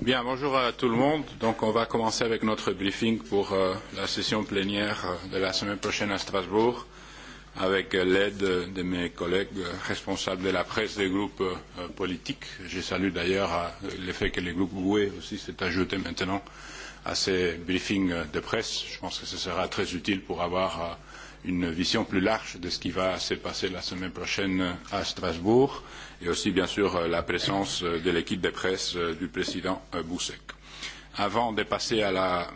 Bien, bonjour à tout le monde. Donc, on va commencer avec notre briefing pour euh, la session plénière de la semaine prochaine à Strasbourg, avec l'aide de mes collègues responsables de la presse des groupes euh, politiques. Je salue d'ailleurs le fait que le groupe Goué aussi s'est ajouté maintenant à ces briefings de presse. Je pense que ce sera très utile pour avoir euh, une vision plus large de ce qui va se passer la semaine prochaine à Strasbourg et aussi, bien sûr, la présence de l'équipe de presse du président Boussek. Avant de passer à, la,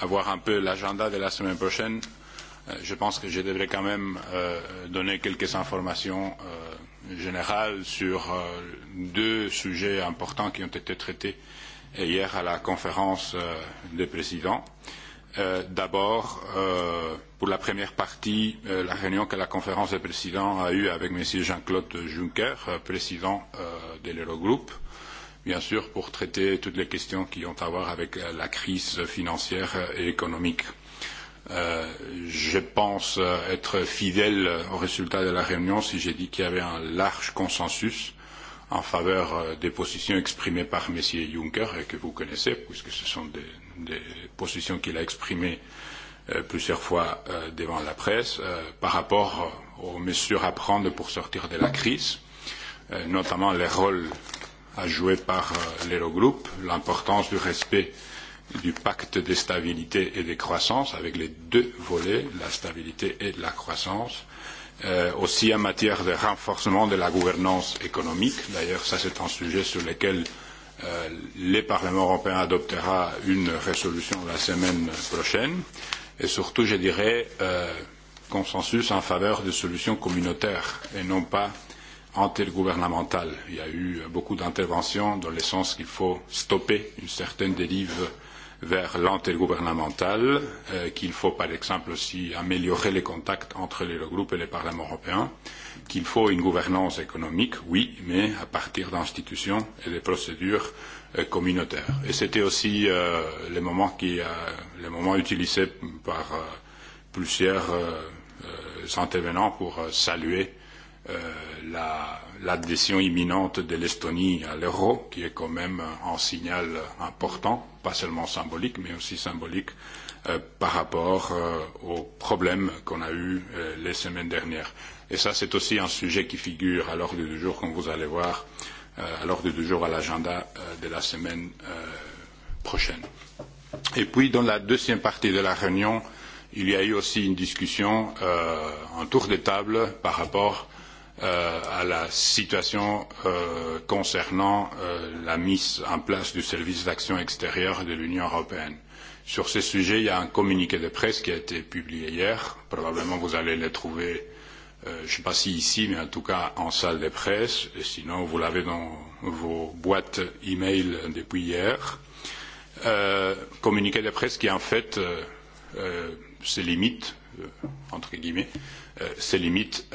à voir un peu l'agenda de la semaine prochaine, je pense que je devrais quand même donner quelques informations générales sur deux sujets importants qui ont été traités hier à la conférence des présidents. Euh, D'abord, pour la première partie, la réunion que la conférence des présidents a eue avec M. Jean-Claude Juncker, président de l'Eurogroupe, bien sûr pour traiter toutes les questions qui ont à voir avec la crise financière et économique. je pense être fidèle au résultat de la réunion si j'ai dit qu'il y avait un large consensus en faveur des positions exprimées par M. Juncker et que vous connaissez, puisque ce sont des, des positions qu'il a exprimées plusieurs fois devant la presse par rapport aux mesures à prendre pour sortir de la crise, notamment les rôles à jouer par l'Eurogroupe, l'importance du respect du pacte de stabilité et de croissance avec les deux volets, la stabilité et la croissance, aussi en matière de renforcement de la gouvernance économique. D'ailleurs, ça c'est un sujet sur lequel le Parlement européen adoptera une résolution la semaine prochaine et surtout, je dirais, consensus en faveur de solutions communautaires et non pas intergouvernementales. Il y a eu beaucoup d'interventions dans le sens qu'il faut stopper une certaine dérive vers l'intergouvernemental, qu'il faut par exemple aussi améliorer les contacts entre l'Eurogroupe et le Parlement européen, qu'il faut une gouvernance économique, oui, mais à partir d'institutions et de procédures communautaires. Et c'était aussi le moment qui, le moment utilisé par plusieurs intervenants pour saluer la l'adhésion imminente de l'Estonie à l'euro, qui est quand même un signal important, pas seulement symbolique, mais aussi symbolique par rapport aux problèmes qu'on a eus les semaines dernières. Et ça, c'est aussi un sujet qui figure à l'ordre du jour, comme vous allez voir, à l'ordre du jour à l'agenda de la semaine prochaine. Et puis, dans la deuxième partie de la réunion, il y a eu aussi une discussion, un tour de table par rapport à la situation concernant la mise en place du service d'action extérieure de l'Union européenne. Sur ce sujet, il y a un communiqué de presse qui a été publié hier. Probablement, vous allez le trouver, je ne sais pas si ici, mais en tout cas en salle de presse. Et sinon, vous l'avez dans vos boîtes e-mail depuis hier. communiqué de presse qui, en fait, se limite, entre guillemets, se limite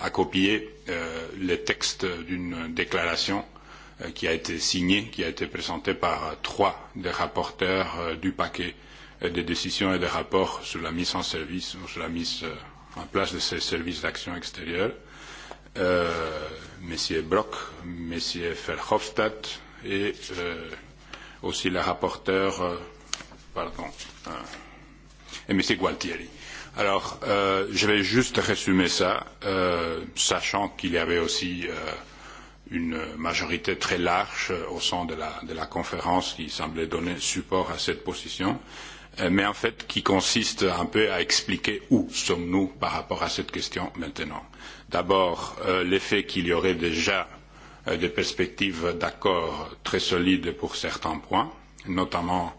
à copier le texte d'une déclaration qui a été signée, qui a été présentée par trois des rapporteurs du paquet des décisions et des rapports sur la mise en service ou sur la mise en place de ces services d'action extérieure, euh, M. Brock, M. Verhofstadt et aussi le rapporteur, pardon, et M. Gualtieri Alors, euh, je vais juste résumer ça, euh, sachant qu'il y avait aussi euh, une majorité très large au sein de la, de la conférence qui semblait donner support à cette position, mais en fait qui consiste un peu à expliquer où sommes-nous par rapport à cette question maintenant. D'abord, l'effet qu'il y aurait déjà des perspectives d'accord très solides pour certains points, notamment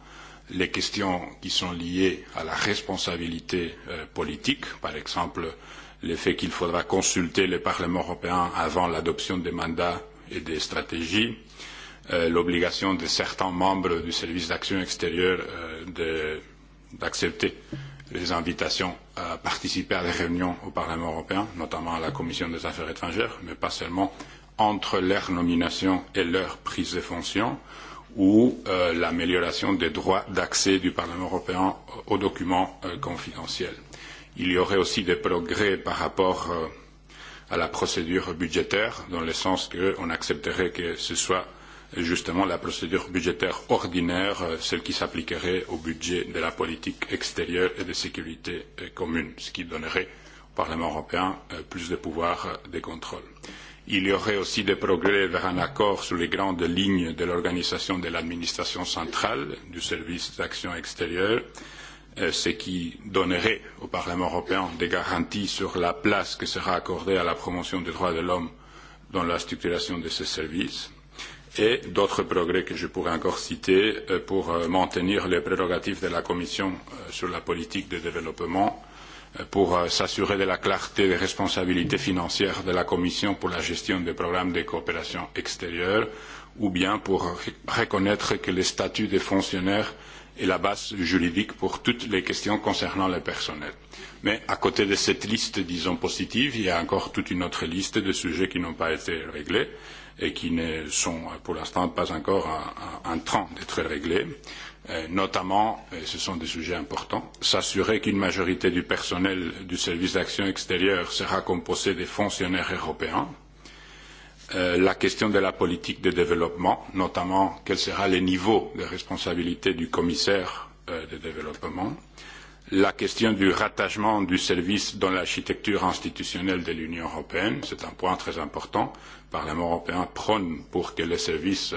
les questions qui sont liées à la responsabilité politique, par exemple le fait qu'il faudra consulter le Parlement européen avant l'adoption des mandats et des stratégies, l'obligation de certains membres du service d'action extérieure d'accepter les invitations à participer à des réunions au Parlement européen, notamment à la Commission des affaires étrangères, mais pas seulement entre leur nomination et leur prise de fonction. Euh, ou l'amélioration des droits d'accès du Parlement européen aux documents confidentiels. Il y aurait aussi des progrès par rapport à la procédure budgétaire, dans le sens qu'on accepterait que ce soit justement la procédure budgétaire ordinaire, celle qui s'appliquerait au budget de la politique extérieure et de sécurité commune, ce qui donnerait au Parlement européen plus de pouvoir de contrôle. Il y aurait aussi des progrès vers un accord sur les grandes lignes de l'organisation de l'administration centrale du service d'action extérieure, ce qui donnerait au Parlement européen des garanties sur la place que sera accordée à la promotion des droits de l'homme dans la structuration de ce service et d'autres progrès que je pourrais encore citer pour maintenir les prérogatives de la Commission sur la politique de développement pour s'assurer de la clarté des responsabilités financières de la Commission pour la gestion des programmes de coopération extérieure, ou bien pour reconnaître que le statut des fonctionnaires est la base juridique pour toutes les questions concernant le personnel. Mais à côté de cette liste, disons, positive, il y a encore toute une autre liste de sujets qui n'ont pas été réglés et qui ne sont pour l'instant pas encore en train d'être réglés notamment, et ce sont des sujets importants, s'assurer qu'une majorité du personnel du service d'action extérieure sera composée de fonctionnaires européens, la question de la politique de développement, notamment quel sera le niveau de responsabilité du commissaire de développement, la question du rattachement du service dans l'architecture institutionnelle de l'Union européenne, c'est un point très important. Le Parlement européen prône pour que le service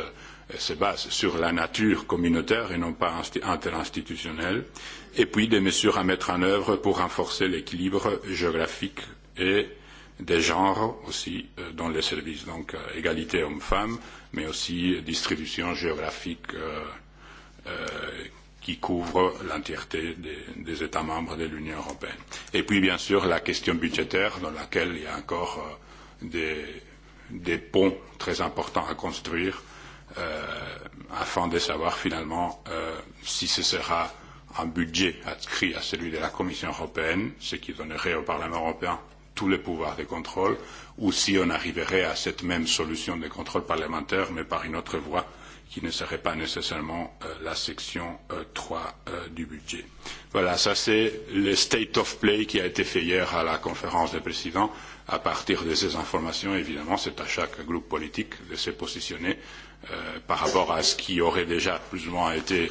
se base sur la nature communautaire et non pas interinstitutionnelle, et puis des mesures à mettre en œuvre pour renforcer l'équilibre géographique et des genres aussi dans les services, donc égalité hommes-femmes, mais aussi distribution géographique qui couvre l'entièreté des, États membres de l'Union européenne. Et puis bien sûr la question budgétaire dans laquelle il y a encore des, ponts très importants à construire afin de savoir finalement si ce sera un budget adscrit à celui de la Commission européenne, ce qui donnerait au Parlement européen tous les pouvoirs de contrôle, ou si on arriverait à cette même solution de contrôle parlementaire, mais par une autre voie qui ne serait pas nécessairement la section trois du budget. Voilà, ça c'est le state of play qui a été fait hier à la conférence des présidents. À partir de ces informations, évidemment, c'est à chaque groupe politique de se positionner par rapport à ce qui aurait déjà plus ou moins été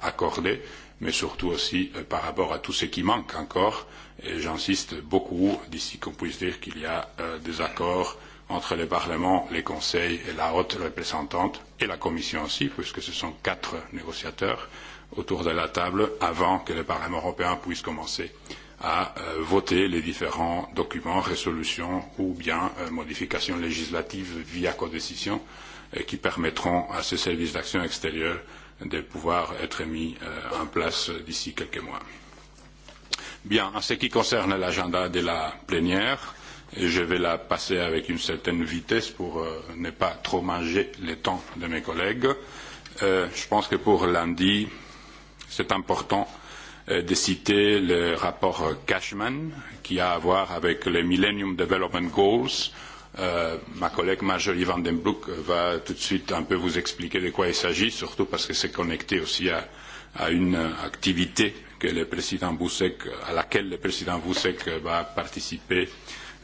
accordé, mais surtout aussi par rapport à tout ce qui manque encore. Et j'insiste beaucoup d'ici qu'on puisse dire qu'il y a des accords entre le Parlement, les conseils et la haute représentante, et la Commission aussi, puisque ce sont quatre négociateurs autour de la table avant que le Parlement européen puisse commencer à voter les différents documents, résolutions ou bien modifications législatives via codécision. décision qui permettront à ce service d'action extérieure de pouvoir être mis en place d'ici quelques mois. Bien, en ce qui concerne l'agenda de la plénière, je vais la passer avec une certaine vitesse pour ne pas trop manger le temps de mes collègues. je pense que pour lundi, c'est important de citer le rapport Cashman qui a à voir avec les Millennium Development Goals ma collègue Marjorie Van den Broek va tout de suite un peu vous expliquer de quoi il s'agit, surtout parce que c'est connecté aussi à, une activité que le président Boussek, à laquelle le président Boussek va participer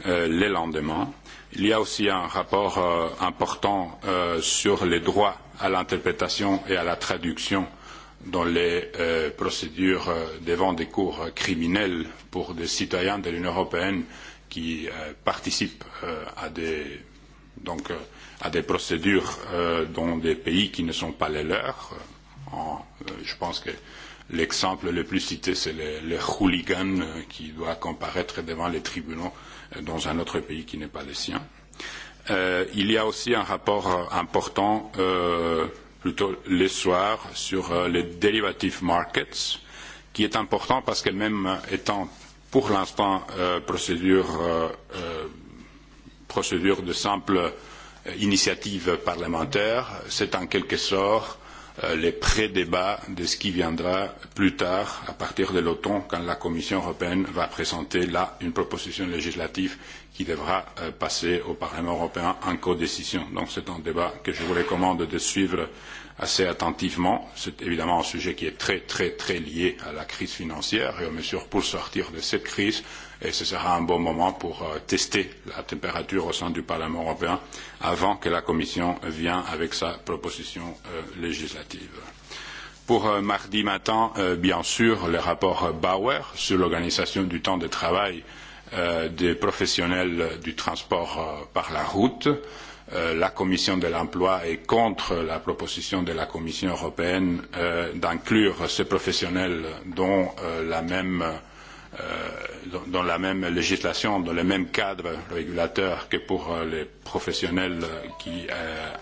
le lendemain. Il y a aussi un rapport important sur les droits à l'interprétation et à la traduction dans les procédures devant des cours criminelles pour des citoyens de l'Union européenne qui participent à des donc à des procédures dans des pays qui ne sont pas les leurs. je pense que l'exemple le plus cité, c'est le, le hooligan qui doit comparaître devant les tribunaux dans un autre pays qui n'est pas le sien. il y a aussi un rapport important, plutôt le soir, sur les derivative markets, qui est important parce que même étant pour l'instant procédure de simple initiative parlementaire. C'est en quelque sorte les pré-débats de ce qui viendra plus tard, à partir de l'automne, quand la Commission européenne va présenter là une proposition législative qui devra passer au Parlement européen en codécision. Donc c'est un débat que je vous recommande de suivre assez attentivement. C'est évidemment un sujet qui est très, très, très lié à la crise financière et aux mesures pour sortir de cette crise. Et ce sera un bon moment pour tester la température au sein du Parlement européen avant que la Commission vienne avec sa proposition législative. Pour mardi matin, bien sûr, le rapport Bauer sur l'organisation du temps de travail des professionnels du transport par la route. Euh, la commission de l'emploi est contre la proposition de la Commission européenne d'inclure ces professionnels dans la même dans la même législation, dans le même cadre régulateur que pour les professionnels qui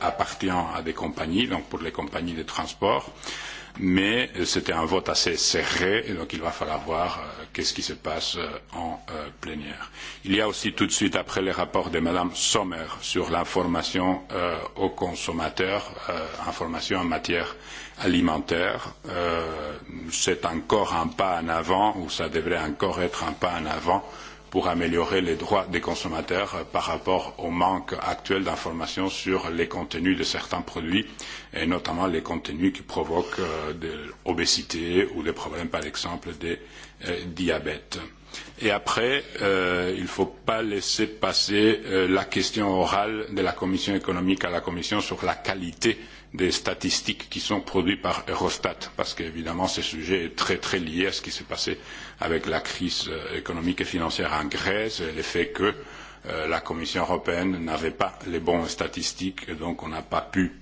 appartiennent à des compagnies, donc pour les compagnies de transport. Euh, mais c'était un vote assez serré et donc il va falloir voir qu'est-ce qui se passe en plénière. Il y a aussi tout de suite après le rapport de Madame Sommer sur l'information aux consommateurs, information en matière alimentaire. C'est encore un pas en avant ou ça devrait encore être un pas en avant pour améliorer les droits des consommateurs par rapport au manque actuel d'informations sur les contenus de certains produits, et notamment les contenus qui provoquent de l'obésité ou des problèmes, par exemple, de diabète. Et après, il ne faut pas laisser passer la question orale de la Commission économique à la Commission sur la qualité euh, des statistiques qui sont produites par Eurostat, parce qu'évidemment ce sujet est très très lié à ce qui s'est passé avec la crise économique et financière en Grèce et le fait que la Commission européenne n'avait pas les bonnes statistiques, et donc on n'a pas pu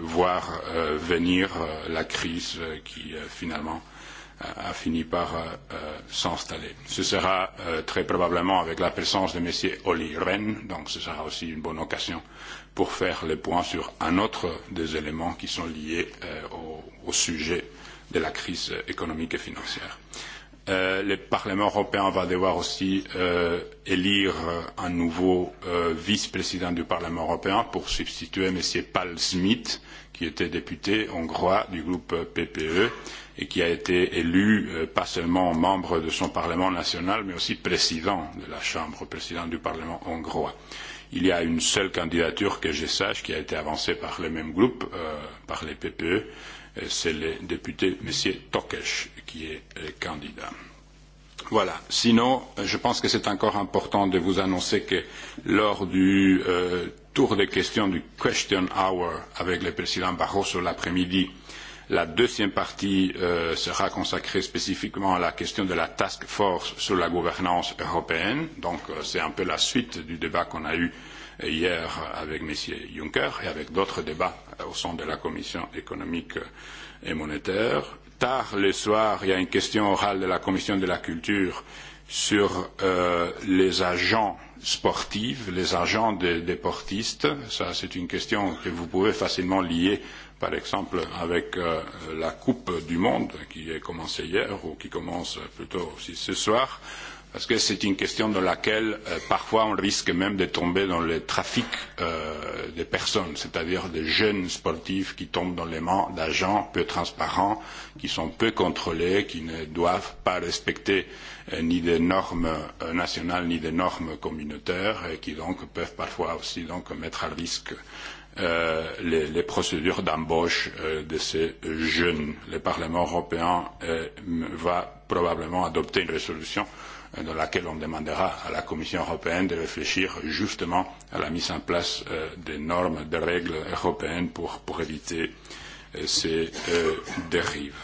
voir venir la crise qui finalement a fini par s'installer. Ce sera très probablement avec la présence de M. Olli Rehn, donc ce sera aussi une bonne occasion pour faire le point sur un autre des éléments qui sont liés au, sujet de la crise économique et financière. le Parlement européen va devoir aussi élire un nouveau vice-président du Parlement européen pour substituer M. Paul Smith, qui était député hongrois du groupe PPE et qui a été élu pas seulement membre de son Parlement national, mais aussi président de la Chambre, président du Parlement hongrois. Euh, Il y a une seule candidature que je sache qui a été avancée par le même groupe, par les PPE, c'est le député M. Tokes qui est candidat. Voilà. Sinon, je pense que c'est encore important de vous annoncer que lors du tour des questions du Question Hour avec le président Barroso l'après-midi, La deuxième partie sera consacrée spécifiquement à la question de la task force sur la gouvernance européenne. Donc c'est un peu la suite du débat qu'on a eu hier avec M. Juncker et avec d'autres débats au sein de la Commission économique et monétaire. Tard le soir, il y a une question orale de la Commission de la culture sur les agents sportifs, les agents des, portistes. Ça, c'est une question que vous pouvez facilement lier par exemple avec la Coupe du Monde qui a commencé hier ou qui commence plutôt aussi ce soir, parce que c'est une question dans laquelle parfois on risque même de tomber dans le trafic des personnes, c'est-à-dire des jeunes sportifs qui tombent dans les mains d'agents peu transparents, qui sont peu contrôlés, qui ne doivent pas respecter ni des normes nationales ni des normes communautaires et qui donc peuvent parfois aussi donc mettre à risque euh, les, procédures d'embauche de ces jeunes. Le Parlement européen va probablement adopter une résolution dans laquelle on demandera à la Commission européenne de réfléchir justement à la mise en place des normes, des règles européennes pour, éviter ces dérives.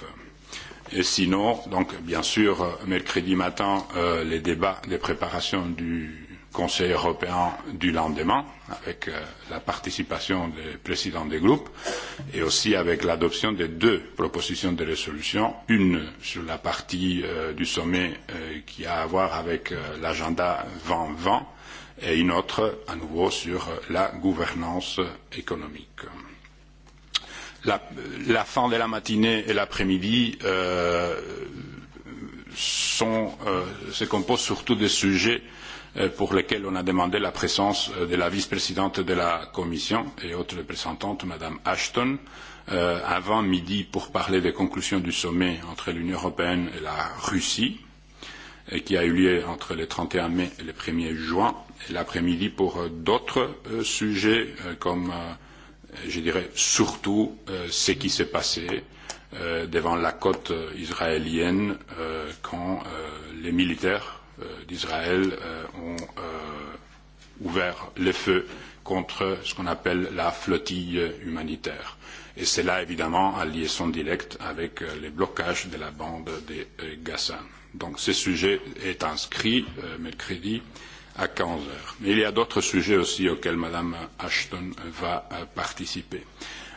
Et sinon, donc bien sûr, mercredi matin, les débats de préparation du, Conseil européen du lendemain, avec la participation des présidents des groupes, et aussi avec l'adoption de deux propositions de résolution, une sur la partie du sommet qui a à voir avec l'agenda deux mille vingt et une autre à nouveau sur la gouvernance économique. La, fin de la matinée et l'après-midi se composent surtout des sujets pour lesquels on a demandé la présence de la vice-présidente de la Commission et autres représentantes, Madame Ashton, avant midi pour parler des conclusions du sommet entre l'Union européenne et la Russie, qui a eu lieu entre le trente et un mai et le 1er juin, et l'après-midi pour d'autres sujets, comme, je dirais, surtout ce qui s'est passé devant la côte israélienne quand les militaires d'Israël ont ouvert le feu contre ce qu'on appelle la flottille humanitaire. Et c'est là, évidemment, en liaison directe avec les blocages de la bande euh, Gaza. Donc ce sujet est inscrit mercredi à quinze heures. Mais il y a d'autres sujets aussi auxquels Mme Ashton va participer. Euh,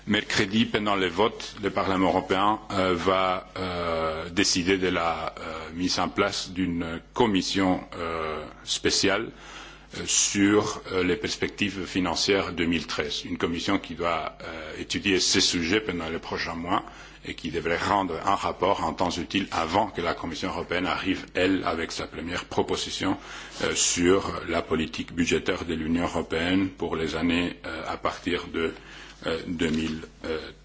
mercredi, pendant le vote, le Parlement européen va décider de la mise en place d'une commission spéciale sur les perspectives financières deux mille treize, Une commission qui doit étudier ces sujets pendant les prochains mois et qui devrait rendre un rapport en temps utile avant que la Commission européenne arrive, elle, avec sa première proposition sur la politique budgétaire de l'Union européenne pour les années à partir de deux mille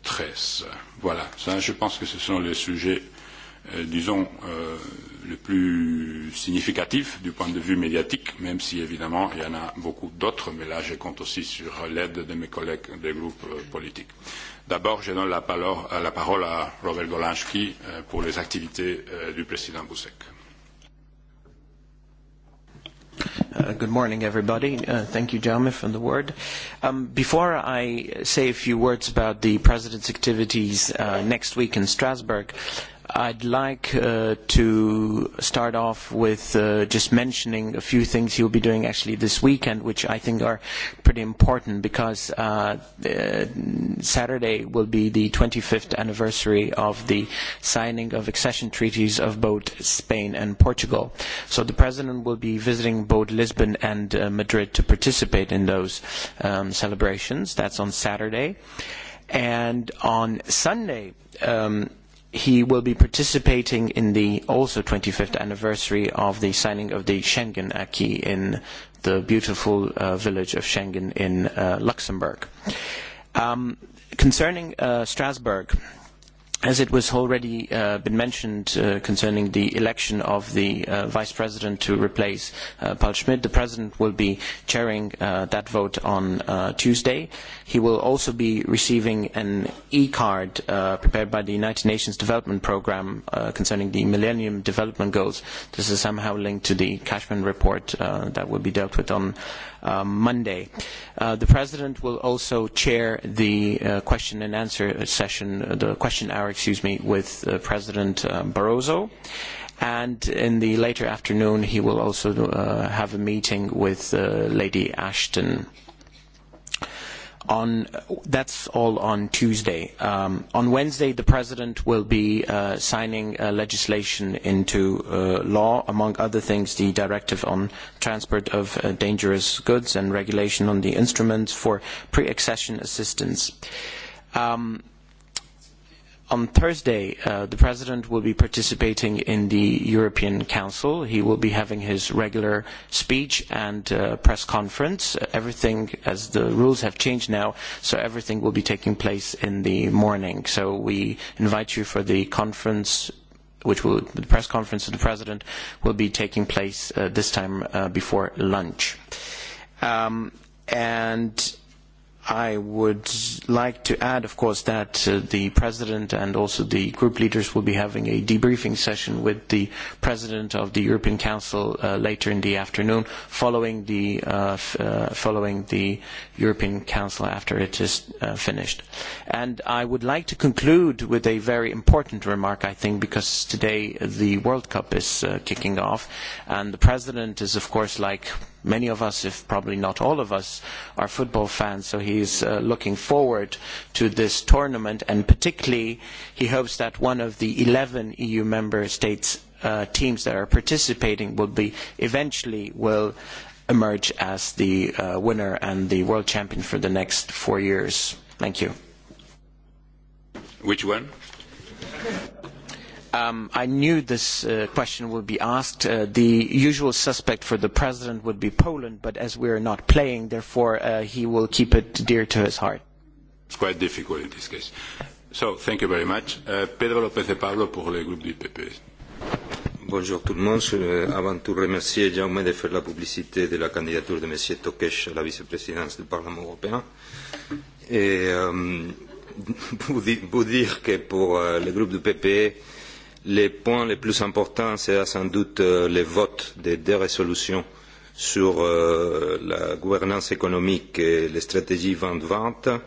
treize. Voilà, ça, je pense que ce sont les sujets, disons, les plus significatifs du point de vue médiatique, même si évidemment il y en a beaucoup d'autres, mais là je compte aussi sur l'aide de mes collègues des groupes politiques. D'abord, je donne la parole, à Robert Golanski pour les activités du président Buzek. Good morning, everybody. Thank you, Jaume, for the word. Before I say a few words about the president's activities next week in Strasbourg, I'd like uh, to start off with uh, just mentioning a few things you'll be doing actually this weekend, which I think are pretty important because uh, uh, Saturday will be the 25th anniversary of the signing of accession treaties of both Spain and Portugal. So the President will be visiting both Lisbon and uh, Madrid to participate in those um, celebrations. That's on Saturday. And on Sunday, um, he will be participating in the also 25th anniversary of the signing of the Schengen Acquis in the beautiful uh, village of Schengen in uh, Luxembourg. Um, concerning uh, Strasbourg, as it was already uh, been mentioned uh, concerning the election of the uh, vice president to replace uh, Paul Schmidt, the president will be chairing uh, that vote on uh, Tuesday. He will also be receiving an e-card uh, prepared by the United Nations Development Programme uh, concerning the Millennium Development Goals. This is somehow linked to the Cashman report uh, that will be dealt with on Monday. the President will also chair the question and answer session, the question hour, excuse me, with President Barroso. And in the later afternoon, he will also have a meeting with Lady Ashton. On that's all on Tuesday. Um, on Wednesday, the president will be uh, signing uh, legislation into uh, law, among other things, the directive on transport of uh, dangerous goods and regulation on the instruments for pre-accession assistance. Um, On Thursday, the President will be participating in the European Council. He will be having his regular speech and press conference. Everything, as the rules have changed now, so everything will be taking place in the morning. So we invite you for the conference which will, the press conference of the President will be taking place this time before lunch. and I would like to add, of course, that uh, the President and also the group leaders will be having a debriefing session with the President of the European Council uh, later in the afternoon, following the, uh, uh, following the European Council after it is uh, finished. And I would like to conclude with a very important remark, I think, because today the World Cup is uh, kicking off, and the President is, of course, like many of us, if probably not all of us, are football fans, so he is looking forward to this tournament, and particularly he hopes that one of the eleven EU member states teams that are participating will be eventually will emerge as the winner and the world champion for the next four years. Thank you. Which one? I knew this question would be asked. the usual suspect for the president would be Poland, but as we are not playing, therefore he will keep it dear to his heart. It's quite difficult in this case. So, thank you very much. Pedro López de Pablo pour le groupe du PPE. Bonjour tout le monde. Je veux avant tout remercier Jaume de faire la publicité de la candidature de M. Tokes à la vice-présidence du Parlement européen. Et vous, dire que pour le groupe du PPE, Les points les plus importants, c'est sans doute le vote des deux résolutions sur la gouvernance économique et les stratégies deux mille vingt.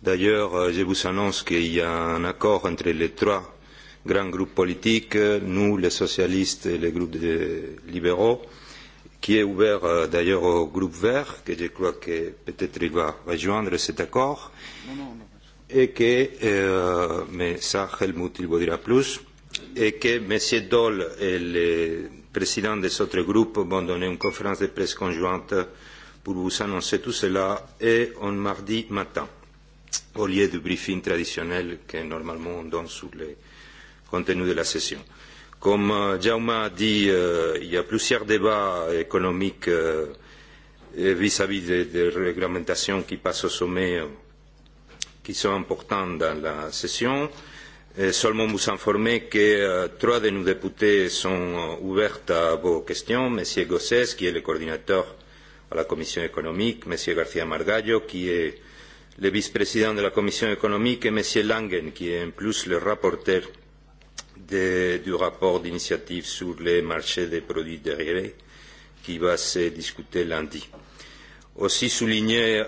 D'ailleurs, je vous annonce qu'il y a un accord entre les trois grands groupes politiques, nous, les socialistes et les groupes libéraux, qui est ouvert d'ailleurs au groupe vert, que je crois que peut-être il va rejoindre cet accord, et que, mais ça, Helmut, il vous dira plus, et que M. Daul et le président des autres groupes vont donner une conférence de presse conjointe pour vous annoncer tout cela et en mardi matin, au lieu du briefing traditionnel que normalement on donne sur le contenu de la session. Comme Jaume a dit, il y a plusieurs débats économiques vis-à-vis des, des réglementations qui passent au sommet qui sont importants dans la session. Euh, seulement vous informer que trois de nos députés sont ouverts à vos questions. M. Gauzès, qui est le coordinateur à la Commission économique, M. García Margallo, qui est le vice-président de la Commission économique, et M. Langen, qui est en plus le rapporteur du rapport d'initiative sur les marchés des produits dérivés, qui va se discuter lundi aussi souligner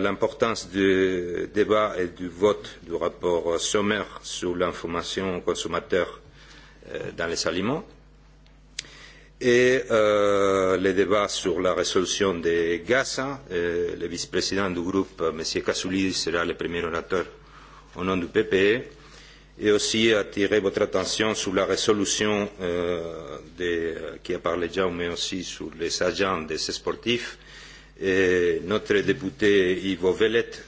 l'importance du débat et du vote du rapport sommaire sur l'information aux consommateurs dans les aliments et les débats sur la résolution de Gaza. le vice-président du groupe, M. Kassouli, sera le premier orateur au nom du PPE et aussi attirer votre attention sur la résolution qui a parlé déjà, mais aussi sur les agents des sportifs Et notre député Ivo Velette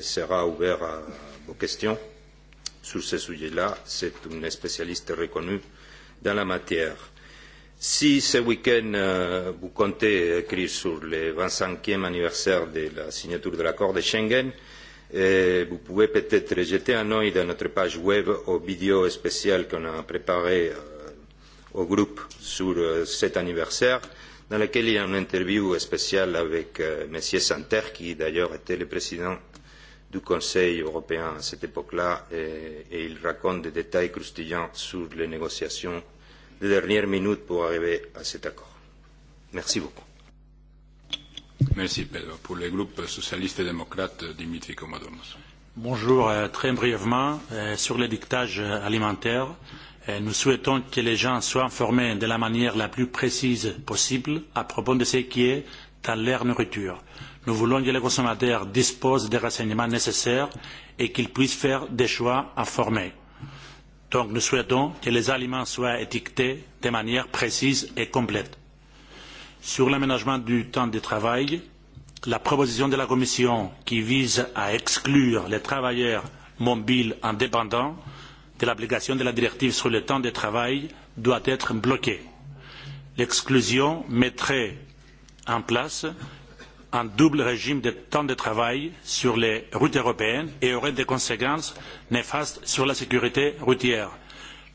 sera ouvert à vos questions sur ce sujet-là. C'est une spécialiste reconnue dans la matière. Si ce week-end vous comptez écrire sur le vingt cinquième anniversaire de la signature de l'accord de Schengen, vous pouvez peut-être jeter un œil dans notre page web aux vidéos spéciales qu'on a préparées au groupe sur cet anniversaire dans laquelle il y a une interview spéciale avec M. Santer, qui d'ailleurs était le président du Conseil européen à cette époque-là, et, il raconte des détails croustillants sur les négociations de dernière minute pour arriver à cet accord. Merci beaucoup. Merci Pedro. Pour le groupe socialiste et démocrate, Dimitri Komodomos. Bonjour. Très brièvement, sur alimentaire, nous souhaitons que les gens soient informés de la manière la plus précise possible à propos de ce qui est dans leur nourriture. Nous voulons que les consommateurs disposent des renseignements nécessaires et qu'ils puissent faire des choix informés. Donc nous souhaitons que les aliments soient étiquetés de manière précise et complète. Sur l'aménagement du temps de travail, la proposition de la Commission qui vise à exclure les travailleurs mobiles indépendants de l'application de la directive sur le temps de travail doit être bloquée. L'exclusion mettrait en place un double régime de temps de travail sur les routes européennes et aurait des conséquences néfastes sur la sécurité routière.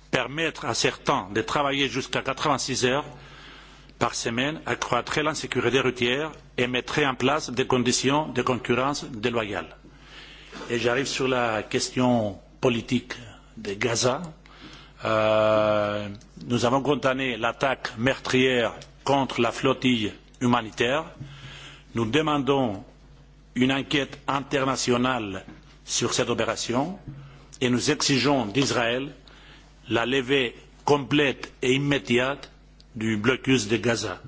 Permettre à certains de travailler jusqu'à quatre vingt six heures par semaine accroîtrait l'insécurité routière et mettrait en place des conditions de concurrence déloyale. Et j'arrive sur la question politique de Gaza. nous avons condamné l'attaque meurtrière contre la flottille humanitaire. Nous demandons une enquête internationale sur cette opération et nous exigeons d'Israël la levée complète et immédiate du blocus de Gaza.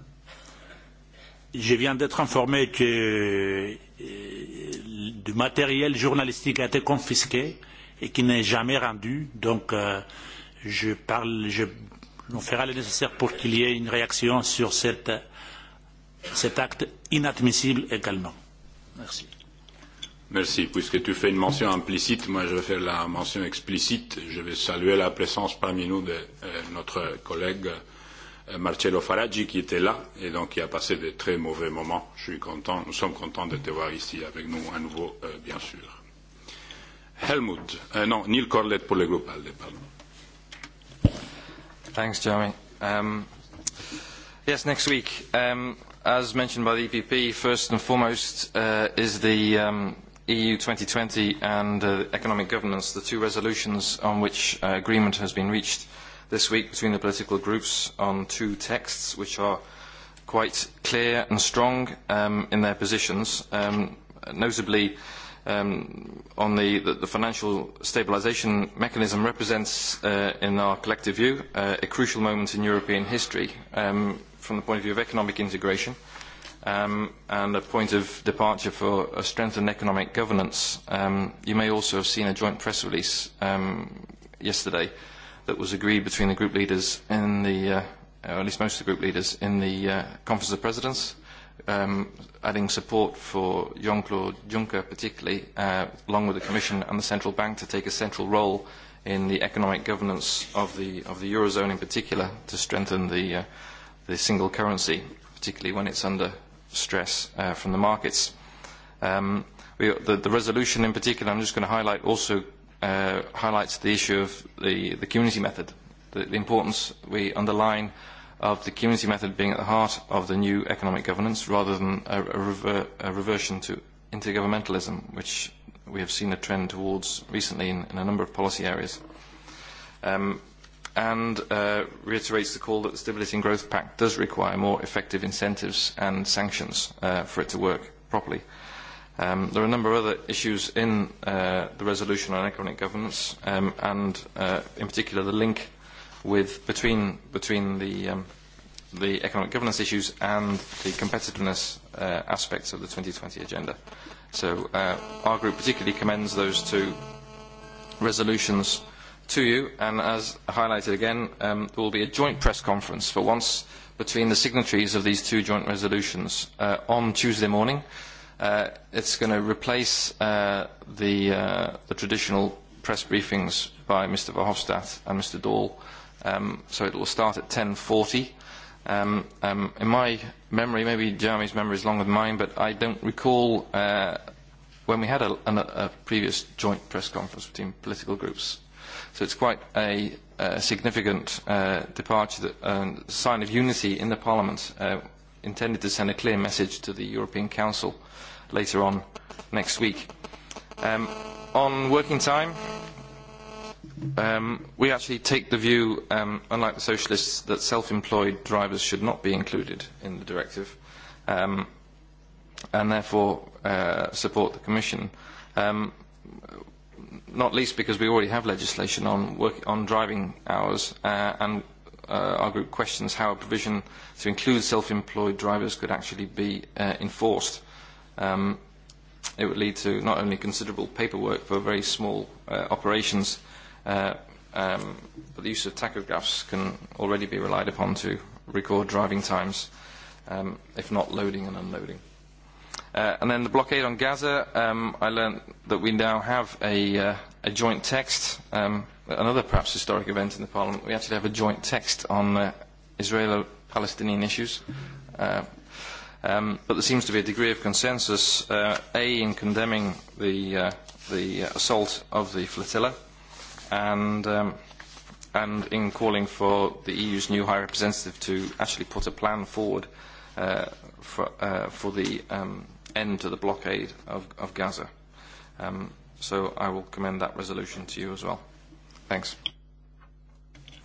Je viens d'être informé que du matériel journalistique a été confisqué et qui n'est jamais rendu. Donc, je parle, je, on fera le nécessaire pour qu'il y ait une réaction sur cette, cet acte inadmissible également. Merci. Merci. Puisque tu fais une mention implicite, moi je vais faire la mention explicite. Je vais saluer la présence parmi nous de notre collègue Marcello Faraggi qui était là et donc qui a passé de très mauvais moments. Je suis content, nous sommes contents de te voir ici avec nous à nouveau, bien sûr. Helmut, Neil Corlett pour le groupe ALDE, pardon. Thanks, Jeremy. Um, yes, next week, um, as mentioned by the EPP, first and foremost uh, is the um, EU 2020 and uh, economic governance, the two resolutions on which uh, agreement has been reached this week between the political groups on two texts which are quite clear and strong um, in their positions, um, notably on the, the financial stabilisation mechanism represents, in our collective view, a crucial moment in European history from the point of view of economic integration and a point of departure for a strengthened economic governance. you may also have seen a joint press release yesterday that was agreed between the group leaders in the, or at least most of the group leaders in the Conference of Presidents um, adding support for Jean-Claude Juncker particularly, uh, along with the Commission and the Central Bank to take a central role in the economic governance of the, of the Eurozone in particular to strengthen the, uh, the single currency, particularly when it's under stress uh, from the markets. Um, we, the, the resolution in particular, I'm just going to highlight, also uh, highlights the issue of the, the community method, the, the importance we underline of the community method being at the heart of the new economic governance rather than a, a, rever a reversion to intergovernmentalism, which we have seen a trend towards recently in, in a number of policy areas. Um, and uh, reiterates the call that the Stability and Growth Pact does require more effective incentives and sanctions uh, for it to work properly. Um, there are a number of other issues in uh, the resolution on economic governance, um, and uh, in particular the link with between between the um, the economic governance issues and the competitiveness uh, aspects of the 2020 agenda. So uh, our group particularly commends those two resolutions to you, and as highlighted again, um, there will be a joint press conference for once between the signatories of these two joint resolutions uh, on Tuesday morning. Uh, it's going to replace uh, the, uh, the traditional press briefings by Mr Verhofstadt and Mr Daul um, so it will start at 10.40. Um, um, in my memory, maybe Jeremy's memory is longer than mine, but I don't recall uh, when we had a, a, a previous joint press conference between political groups. So it's quite a, a significant uh, departure, that, uh, sign of unity in the Parliament, uh, intended to send a clear message to the European Council later on next week. Um, on working time, we actually take the view, unlike the socialists, that self-employed drivers should not be included in the directive, and therefore support the Commission. not least because we already have legislation on, work, on driving hours, and our group questions how a provision to include self-employed drivers could actually be enforced. it would lead to not only considerable paperwork for very small operations, uh, um, but the use of tachographs can already be relied upon to record driving times, um, if not loading and unloading. Uh, and then the blockade on Gaza, um, I learned that we now have a, uh, a joint text, um, another perhaps historic event in the Parliament. We actually have a joint text on uh, Israeli-Palestinian issues. Uh, um, but there seems to be a degree of consensus, uh, A, in condemning the, uh, the assault of the flotilla, and in calling for the EU's new High Representative to actually put a plan forward for the end to the blockade of Gaza. So I will commend that resolution to you as well. Thanks.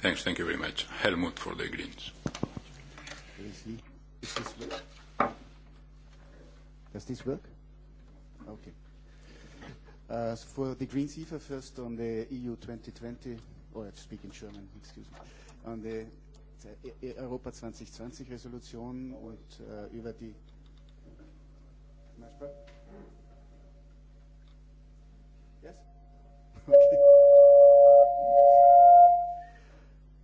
Thanks. Thank you very much. Helmut for the Greens. Does this work? Okay. Uh, for the Greens, Eva, first on the EU 2020, or I speak in German, excuse me, on the Europa 2020 Resolution und uh, über die Yes? Okay.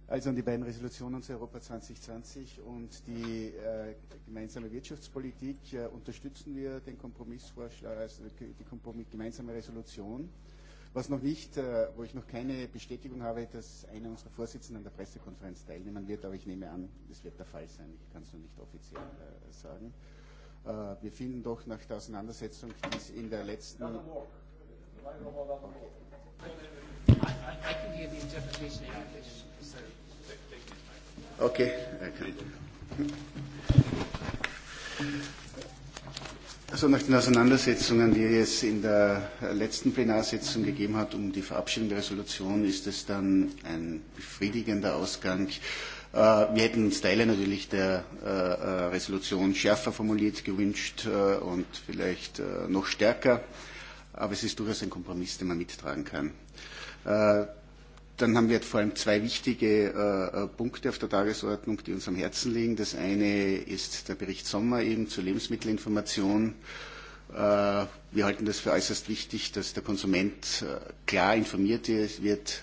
also an die beiden Resolutionen zu Europa 2020 und die äh, gemeinsame Wirtschaftspolitik äh, unterstützen wir den Kompromissvorschlag, also die Kompromiss, gemeinsame Resolution. Was noch nicht, äh, wo ich noch keine Bestätigung habe, dass einer unserer Vorsitzenden an der Pressekonferenz teilnehmen wird, aber ich nehme an, das wird der Fall sein. Ich kann es noch nicht offiziell äh, sagen. Äh, wir finden doch nach der Auseinandersetzung, die es in der letzten. Okay. Okay. Also nach den Auseinandersetzungen, die es in der letzten Plenarsitzung gegeben hat, um die Verabschiedung der Resolution, ist es dann ein befriedigender Ausgang. Wir hätten uns Teile natürlich der Resolution schärfer formuliert gewünscht und vielleicht noch stärker, aber es ist durchaus ein Kompromiss, den man mittragen kann. Dann haben wir vor allem zwei wichtige Punkte auf der Tagesordnung, die uns am Herzen liegen. Das eine ist der Bericht Sommer eben zur Lebensmittelinformation. Wir halten das für äußerst wichtig, dass der Konsument klar informiert wird,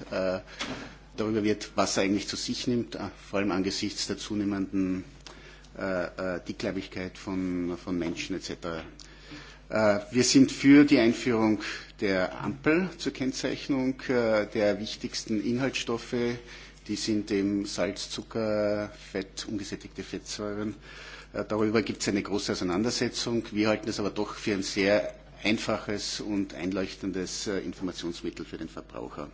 darüber wird, was er eigentlich zu sich nimmt, vor allem angesichts der zunehmenden Dickleibigkeit von, Menschen etc. Wir sind für die Einführung der Ampel zur Kennzeichnung der wichtigsten Inhaltsstoffe. Die sind eben Salz, Zucker, Fett, ungesättigte Fettsäuren. Darüber gibt es eine große Auseinandersetzung. Wir halten es aber doch für ein sehr einfaches und einleuchtendes Informationsmittel für den Verbraucher.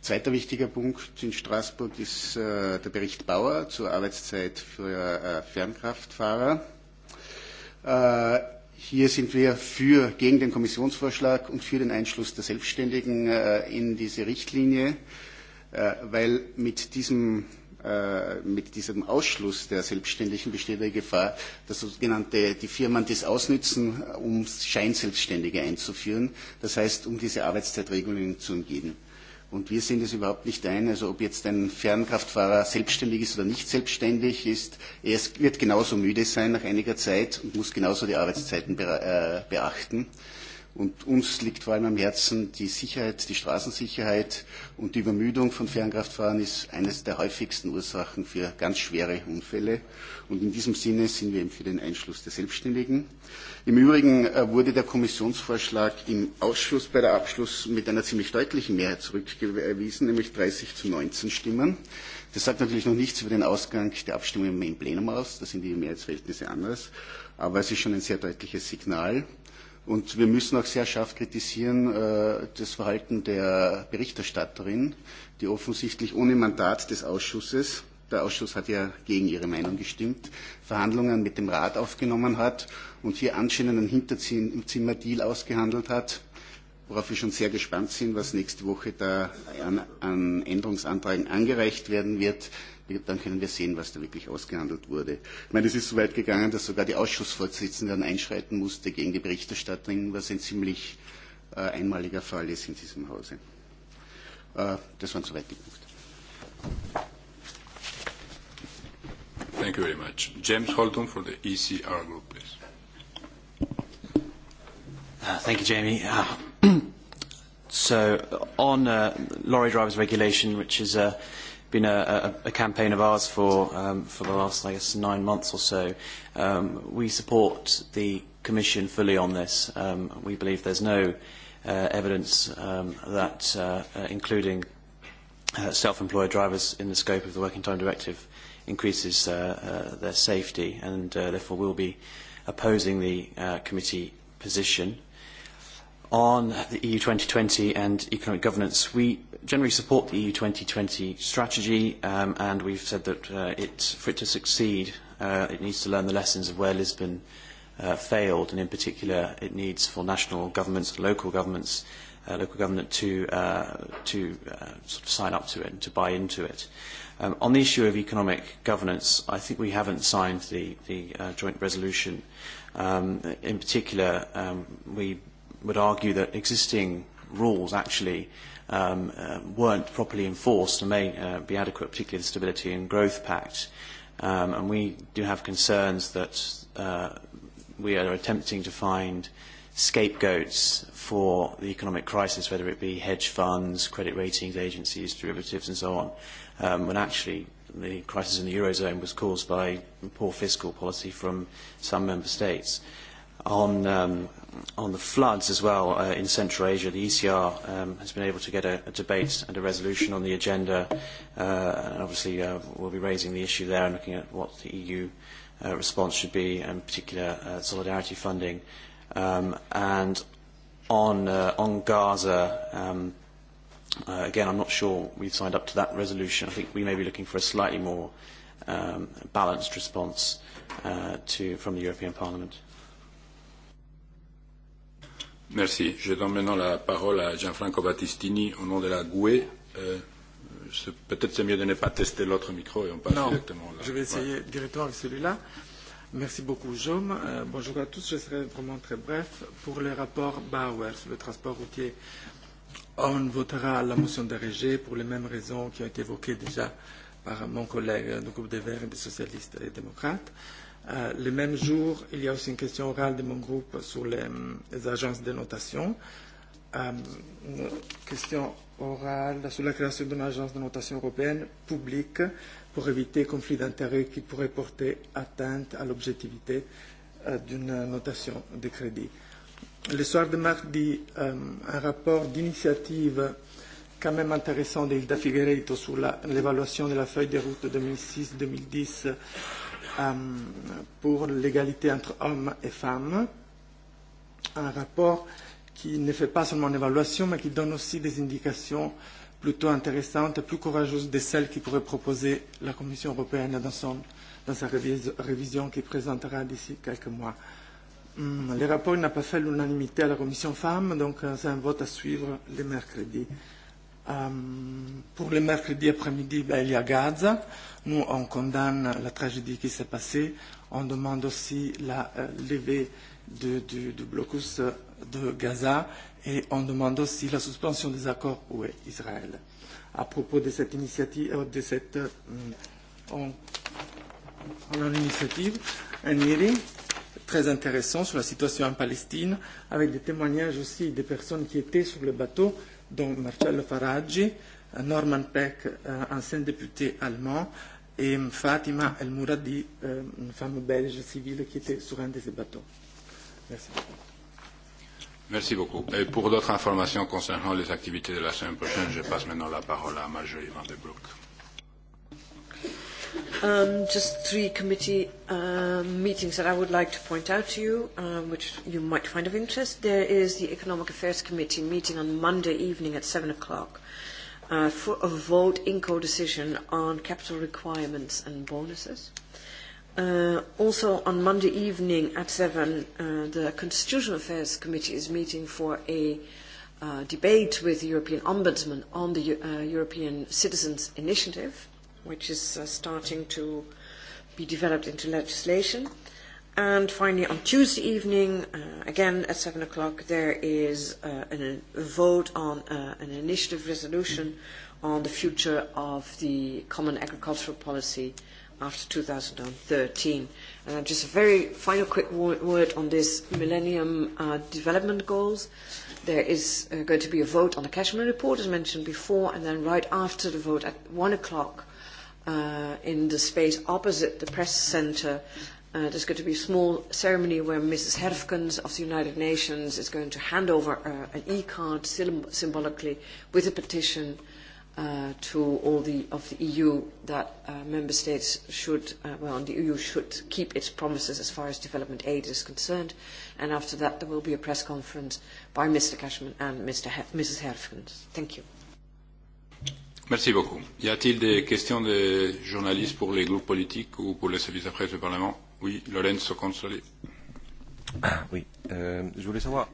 Zweiter wichtiger Punkt in Straßburg ist der Bericht Bauer zur Arbeitszeit für Fernkraftfahrer Hier sind wir für, gegen den Kommissionsvorschlag und für den Einschluss der Selbstständigen in diese Richtlinie, weil mit diesem, mit diesem Ausschluss der Selbstständigen besteht die Gefahr, dass sogenannte die Firmen dies ausnützen, um Scheinselbstständige einzuführen, das heißt, um diese Arbeitszeitregelungen zu umgehen. Und wir sehen das überhaupt nicht ein. Also ob jetzt ein Fernkraftfahrer selbstständig ist oder nicht selbstständig ist, er wird genauso müde sein nach einiger Zeit und muss genauso die Arbeitszeiten beachten. Und uns liegt vor allem am Herzen die Sicherheit, die Straßensicherheit und die Übermüdung von Fernkraftfahrern ist eines der häufigsten Ursachen für ganz schwere Unfälle. Und in diesem Sinne sind wir eben für den Einschluss der Selbstständigen. Im Übrigen wurde der Kommissionsvorschlag im Ausschuss bei der Abschluss mit einer ziemlich deutlichen Mehrheit zurückgewiesen, nämlich 30 zu 19 Stimmen. Das sagt natürlich noch nichts über den Ausgang der Abstimmung im Plenum aus. Da sind die Mehrheitsverhältnisse anders. Aber es ist schon ein sehr deutliches Signal. Und wir müssen auch sehr scharf kritisieren das Verhalten der Berichterstatterin, die offensichtlich ohne Mandat des Ausschusses, der Ausschuss hat ja gegen ihre Meinung gestimmt, Verhandlungen mit dem Rat aufgenommen hat und hier anscheinend einen Hinterzimmerdeal ausgehandelt hat, worauf wir schon sehr gespannt sind, was nächste Woche da an, Änderungsanträgen angereicht werden wird dann können wir sehen, was da wirklich ausgehandelt wurde. Ich meine, es ist so weit gegangen, dass sogar die Ausschussvorsitzende dann einschreiten musste gegen die Berichterstatterin, was ein ziemlich einmaliger Fall ist in diesem Hause. das waren soweit die Punkte. Thank you very much. James Holton for the ECR group, please. Thank you, Jamie. So on uh, lorry drivers regulation, which is a been a, a, a campaign of ours for, um, for the last, I guess, nine months or so. Um, we support the Commission fully on this. Um, we believe there's no uh, evidence um, that uh, including uh, self-employed drivers in the scope of the Working Time Directive increases uh, uh, their safety, and uh, therefore we'll be opposing the uh, committee position. On the EU 2020 and economic governance, we generally support the EU 2020 strategy, um, and we've said that uh, it, for it to succeed, uh, it needs to learn the lessons of where Lisbon uh, failed, and in particular, it needs for national governments local governments, uh, local government to uh, to uh, sort of sign up to it and to buy into it. Um, on the issue of economic governance, I think we haven't signed the the uh, joint resolution. Um, in particular, um, we would argue that existing rules actually um, uh, weren't properly enforced and may uh, be adequate, particularly the Stability and Growth Pact. Um, and we do have concerns that uh, we are attempting to find scapegoats for the economic crisis, whether it be hedge funds, credit ratings agencies, derivatives, and so on, um, when actually the crisis in the Eurozone was caused by poor fiscal policy from some member states on um, on the floods as well uh, in Central Asia. The ECR um, has been able to get a, a debate and a resolution on the agenda. Uh, and obviously, uh, we'll be raising the issue there and looking at what the EU uh, response should be, and particular uh, solidarity funding. Um, and on uh, on Gaza. Um, uh, again, I'm not sure we've signed up to that resolution. I think we may be looking for a slightly more um, balanced response uh, to, from the European Parliament. Merci. Je donne maintenant la parole à Gianfranco Battistini au nom de la GUE. Peut-être c'est mieux de ne pas tester l'autre micro et on passe directement là. Je vais essayer directement avec celui-là. Merci beaucoup, Jaume. Euh, bonjour à tous. Je serai vraiment très bref. Pour le rapport Bauer sur le transport routier, on votera la motion de Régé pour les mêmes raisons qui ont été évoquées déjà par mon collègue du groupe des Verts et des Socialistes et Démocrates. Euh, le même jour, il y a aussi une question orale de mon groupe sur les, les agences de notation. Euh, une question orale sur la création d'une agence de notation européenne publique pour éviter conflits d'intérêts qui pourraient porter atteinte à l'objectivité euh, d'une notation de crédit. Le soir de mardi, euh, un rapport d'initiative quand même intéressant d'Hilda Figueiredo sur l'évaluation de la feuille de route 2006-2010 pour l'égalité entre hommes et femmes, un rapport qui ne fait pas seulement une évaluation, mais qui donne aussi des indications plutôt intéressantes et plus courageuses de celles qui pourrait proposer la Commission européenne dans, son, dans sa révision qui présentera d'ici quelques mois. Le rapport n'a pas fait l'unanimité à la Commission femmes, donc c'est un vote à suivre le mercredi pour le mercredi après-midi, ben, il y a Gaza. Nous, on condamne la tragédie qui s'est passée. On demande aussi la euh, levée de, du, du blocus de Gaza et on demande aussi la suspension des accords pour Israël. À propos de cette initiative, de cette euh, on, on initiative, un hearing très intéressant sur la situation en Palestine, avec des témoignages aussi des personnes qui étaient sur le bateau dont Marcello Faraggi, Norman Peck, ancien député allemand, et Fatima El Mouradi, une femme belge civile qui était sur un de ces bateaux. Merci. Merci beaucoup. Et pour d'autres informations concernant les activités de la semaine prochaine, je passe maintenant la parole à Marjorie Van de Broek. Um, just three committee uh, meetings that I would like to point out to you, um, which you might find of interest. There is the Economic Affairs Committee meeting on Monday evening at 7 o'clock uh, for a vote in co-decision on capital requirements and bonuses. Uh, also on Monday evening at 7, uh, the Constitutional Affairs Committee is meeting for a uh, debate with the European Ombudsman on the uh, European Citizens Initiative which is uh, starting to be developed into legislation. And finally, on Tuesday evening, uh, again at 7 o'clock, there is uh, an, a vote on uh, an initiative resolution on the future of the common agricultural policy after 2013. And just a very final quick word on this Millennium uh, Development Goals. There is uh, going to be a vote on the Cashman report, as mentioned before, and then right after the vote at 1 o'clock, uh, in the space opposite the press center. Uh, there's going to be a small ceremony where Mrs. Herfkens of the United Nations is going to hand over uh, an e-card symbolically with a petition uh, to all the of the EU that uh, member states should, uh, well, the EU should keep its promises as far as development aid is concerned. And after that, there will be a press conference by Mr. Cashman and Mr. He- Mrs. Herfkens. Thank you. Merci beaucoup. Y a-t-il des questions des journalistes pour les groupes politiques ou pour les services de presse du Parlement Oui, Lorenzo Consoli. Oui, euh, je voulais savoir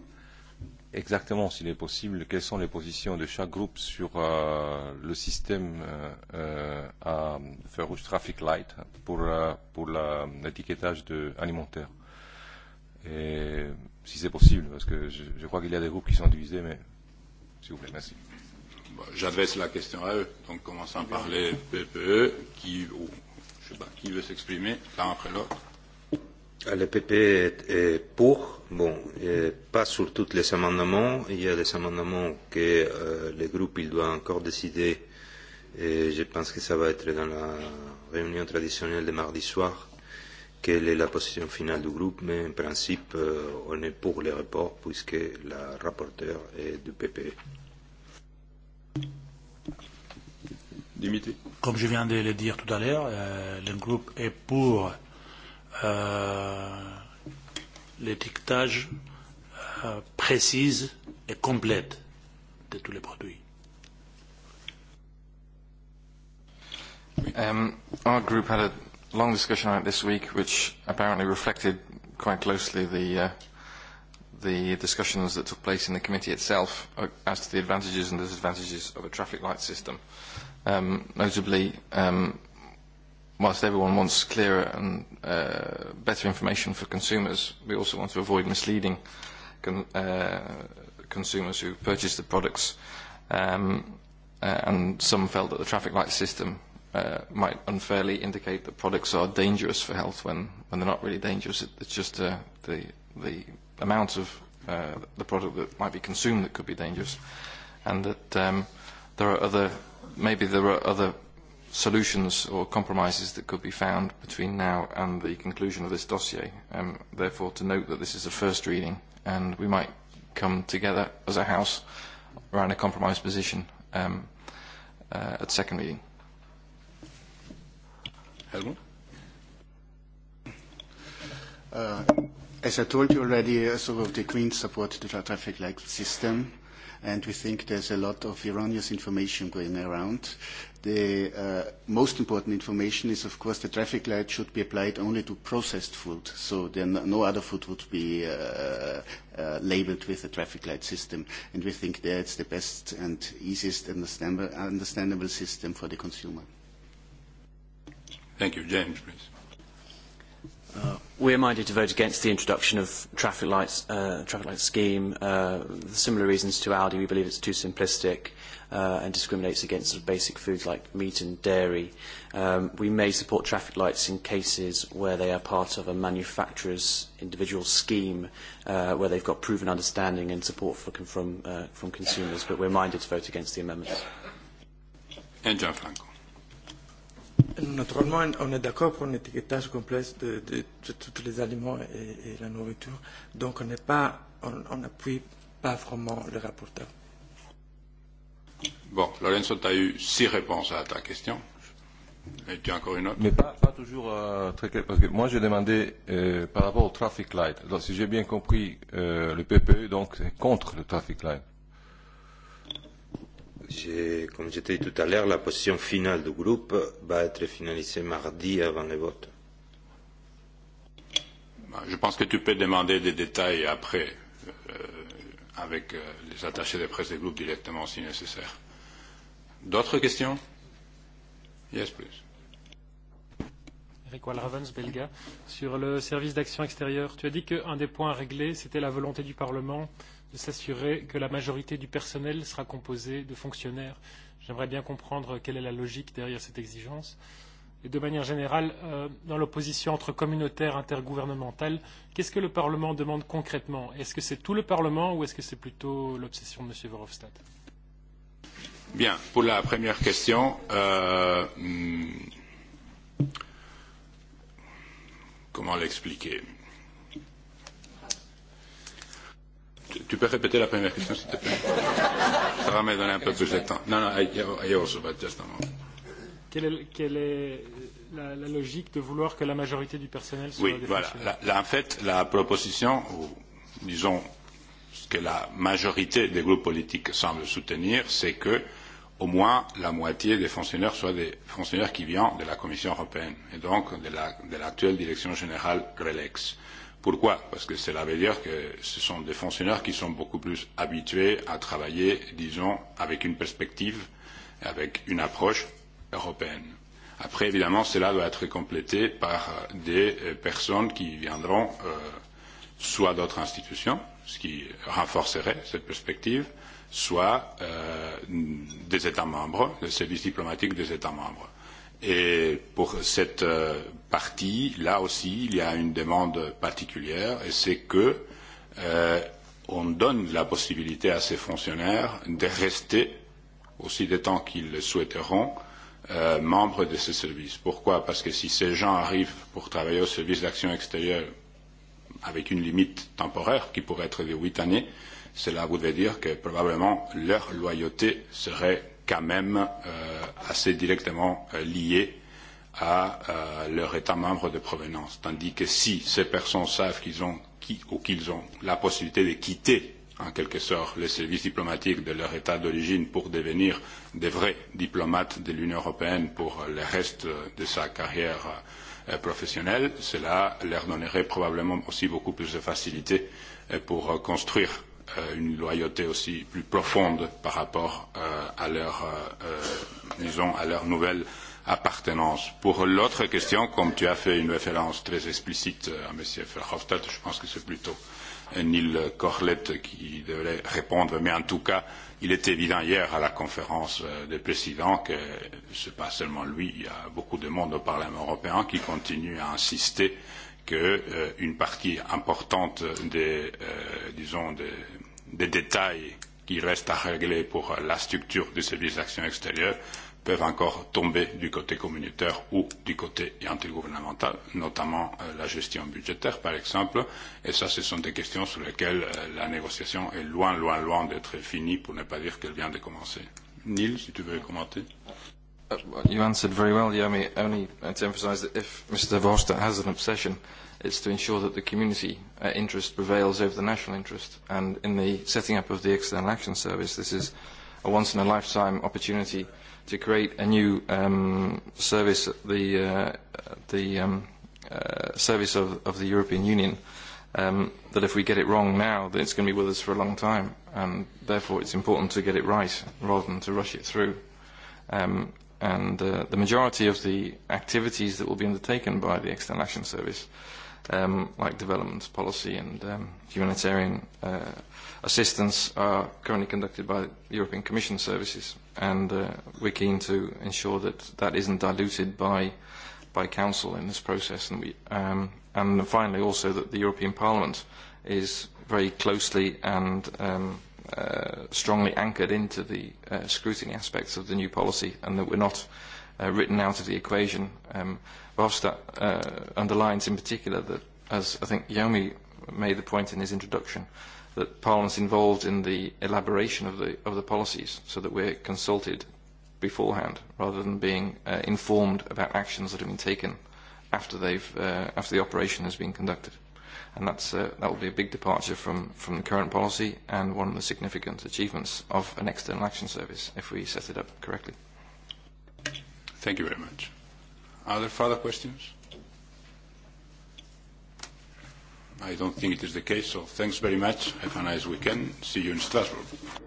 exactement, s'il est possible, quelles sont les positions de chaque groupe sur euh, le système euh, à faire rouge traffic light pour, euh, pour l'étiquetage alimentaire. Et si c'est possible, parce que je, je crois qu'il y a des groupes qui sont divisés, mais s'il vous plaît, merci. Euh, J'adresse la question à eux, donc commençons par les PPE, qui, ou, je sais pas, qui veut s'exprimer l'un après l'autre. Le PPE est pour, bon, pas sur tous les amendements. Il y a des amendements que le groupe il doit encore décider. Et je pense que ça va être dans la réunion traditionnelle de mardi soir. Quelle est la position finale du groupe Mais en principe, on est pour les reports puisque la rapporteure est du PPE. Dimitri. Comme je viens de le dire tout à l'heure, euh, le groupe est pour euh, l'étiquetage euh, précise et complète de tous les produits. Um, our group had a long discussion on it this week, which apparently reflected quite closely the uh, the discussions that took place in the committee itself as to the advantages and disadvantages of a traffic light system. Um, notably, um, whilst everyone wants clearer and uh, better information for consumers, we also want to avoid misleading con uh, consumers who purchase the products. Um, uh, and some felt that the traffic light system uh, might unfairly indicate that products are dangerous for health when, when they're not really dangerous. It's just uh, the, the amount of uh, the product that might be consumed that could be dangerous, and that um, there are other, maybe there are other solutions or compromises that could be found between now and the conclusion of this dossier. Um, therefore, to note that this is a first reading, and we might come together as a House around a compromise position um, uh, at second reading. Uh, As I told you already, so the Greens support the traffic light system, and we think there's a lot of erroneous information going around. The uh, most important information is, of course, the traffic light should be applied only to processed food, so then no other food would be uh, uh, labeled with a traffic light system, and we think there it's the best and easiest understandable, understandable system for the consumer. Thank you. James, please. Uh, we are minded to vote against the introduction of traffic lights, uh, traffic light scheme. Uh, similar reasons to Aldi, we believe it's too simplistic uh, and discriminates against sort of basic foods like meat and dairy. Um, we may support traffic lights in cases where they are part of a manufacturer's individual scheme, uh, where they've got proven understanding and support for, from, uh, from consumers. But we're minded to vote against the amendments. And Franco. Naturellement, on est d'accord pour un étiquetage complet de, de, de, tous les aliments et, et la nourriture. Donc, on n'est pas, on n'appuie pas vraiment le rapporteur. Bon, Lorenzo, tu as eu six réponses à ta question. Et tu as encore une autre Mais pas, pas toujours euh, très clair, parce que moi j'ai demandé euh, par rapport au traffic light. Donc, si j'ai bien compris, euh, le PPE donc, est contre le traffic light comme je t'ai dit tout à l'heure, la position finale du groupe va être finalisée mardi avant le vote. Je pense que tu peux demander des détails après avec les attachés de presse des groupes directement si nécessaire. D'autres questions Yes, please. Eric Walravens, Belga. Sur le service d'action extérieure, tu as dit qu'un des points réglés, c'était la volonté du Parlement euh, de s'assurer que la majorité du personnel sera composée de fonctionnaires. J'aimerais bien comprendre quelle est la logique derrière cette exigence. Et de manière générale, dans l'opposition entre communautaire et intergouvernementale, qu'est-ce que le Parlement demande concrètement Est-ce que c'est tout le Parlement ou est-ce que c'est plutôt l'obsession de M. Verhofstadt Bien, pour la première question, euh, comment l'expliquer Tu peux répéter la première question, s'il te plaît Ça va me donner un peu plus de temps. Non, non, I also, but just a moment. Quelle est, quelle est la, la logique de vouloir que la majorité du personnel soit Oui, voilà. La, la, en fait, la proposition, ou disons, ce que la majorité des groupes politiques semble soutenir, c'est que au moins la moitié des fonctionnaires soient des fonctionnaires qui viennent de la Commission européenne et donc de l'actuelle la, de direction générale Grelex. Euh, Pourquoi Parce que cela veut dire que ce sont des fonctionnaires qui sont beaucoup plus habitués à travailler, disons, avec une perspective, avec une approche européenne. Après, évidemment, cela doit être complété par des personnes qui viendront soit d'autres institutions, ce qui renforcerait cette perspective, soit des États membres, des services diplomatiques des États membres. Et pour cette partie, là aussi, il y a une demande particulière, et c'est que on donne la possibilité à ces fonctionnaires de rester, aussi des temps qu'ils le souhaiteront, membres de ce service. Pourquoi Parce que si ces gens arrivent pour travailler au service d'action extérieure avec une limite temporaire qui pourrait être de huit années, cela voudrait dire que probablement leur loyauté serait quand même assez directement liées à leur État membre de provenance. Tandis que si ces personnes savent qu'ils ont ou qu'ils ont la possibilité de quitter en quelque sorte les services diplomatiques de leur État d'origine pour devenir de vrais diplomates de l'Union européenne pour le reste de sa carrière professionnelle, cela leur donnerait probablement aussi beaucoup plus de facilité pour construire une loyauté aussi plus profonde par rapport à leur, disons, à leur nouvelle appartenance. Pour l'autre question, comme tu as fait une référence très explicite à M. Verhofstadt, je pense que c'est plutôt Neil Corlett qui devrait répondre, mais en tout cas, il est évident hier à la conférence des présidents que ce n'est pas seulement lui, il y a beaucoup de monde au Parlement européen qui continue à insister qu'une partie importante des, disons, des des détails qui restent à régler pour la structure du service d'action extérieure peuvent encore tomber du côté communautaire ou du côté intergouvernemental, notamment la gestion budgétaire, par exemple. Et ça, ce sont des questions sur lesquelles la négociation est loin, loin, loin d'être finie, pour ne pas dire qu'elle vient de commencer. Neil, si tu veux commenter. You answered very well, Yami. Only to that if Mr. Verhofstadt has an obsession, It's to ensure that the community uh, interest prevails over the national interest. And in the setting up of the External Action Service, this is a once-in-a-lifetime opportunity to create a new um, service, the, uh, the um, uh, service of, of the European Union, um, that if we get it wrong now, then it's going to be with us for a long time. And therefore, it's important to get it right rather than to rush it through. Um, and uh, the majority of the activities that will be undertaken by the External Action Service um, like development policy and um, humanitarian uh, assistance are currently conducted by European Commission services, and uh, we're keen to ensure that that isn't diluted by by Council in this process, and we um, and finally also that the European Parliament is very closely and um, uh, strongly anchored into the uh, scrutiny aspects of the new policy, and that we're not uh, written out of the equation. Um, Verhofstadt uh, underlines in particular that, as I think Yomi made the point in his introduction, that Parliament's involved in the elaboration of the, of the policies so that we're consulted beforehand rather than being uh, informed about actions that have been taken after, they've, uh, after the operation has been conducted. And that's, uh, that will be a big departure from, from the current policy and one of the significant achievements of an external action service if we set it up correctly. Thank you very much. Are there further questions? I don't think it is the case, so thanks very much. Have a nice weekend. See you in Strasbourg.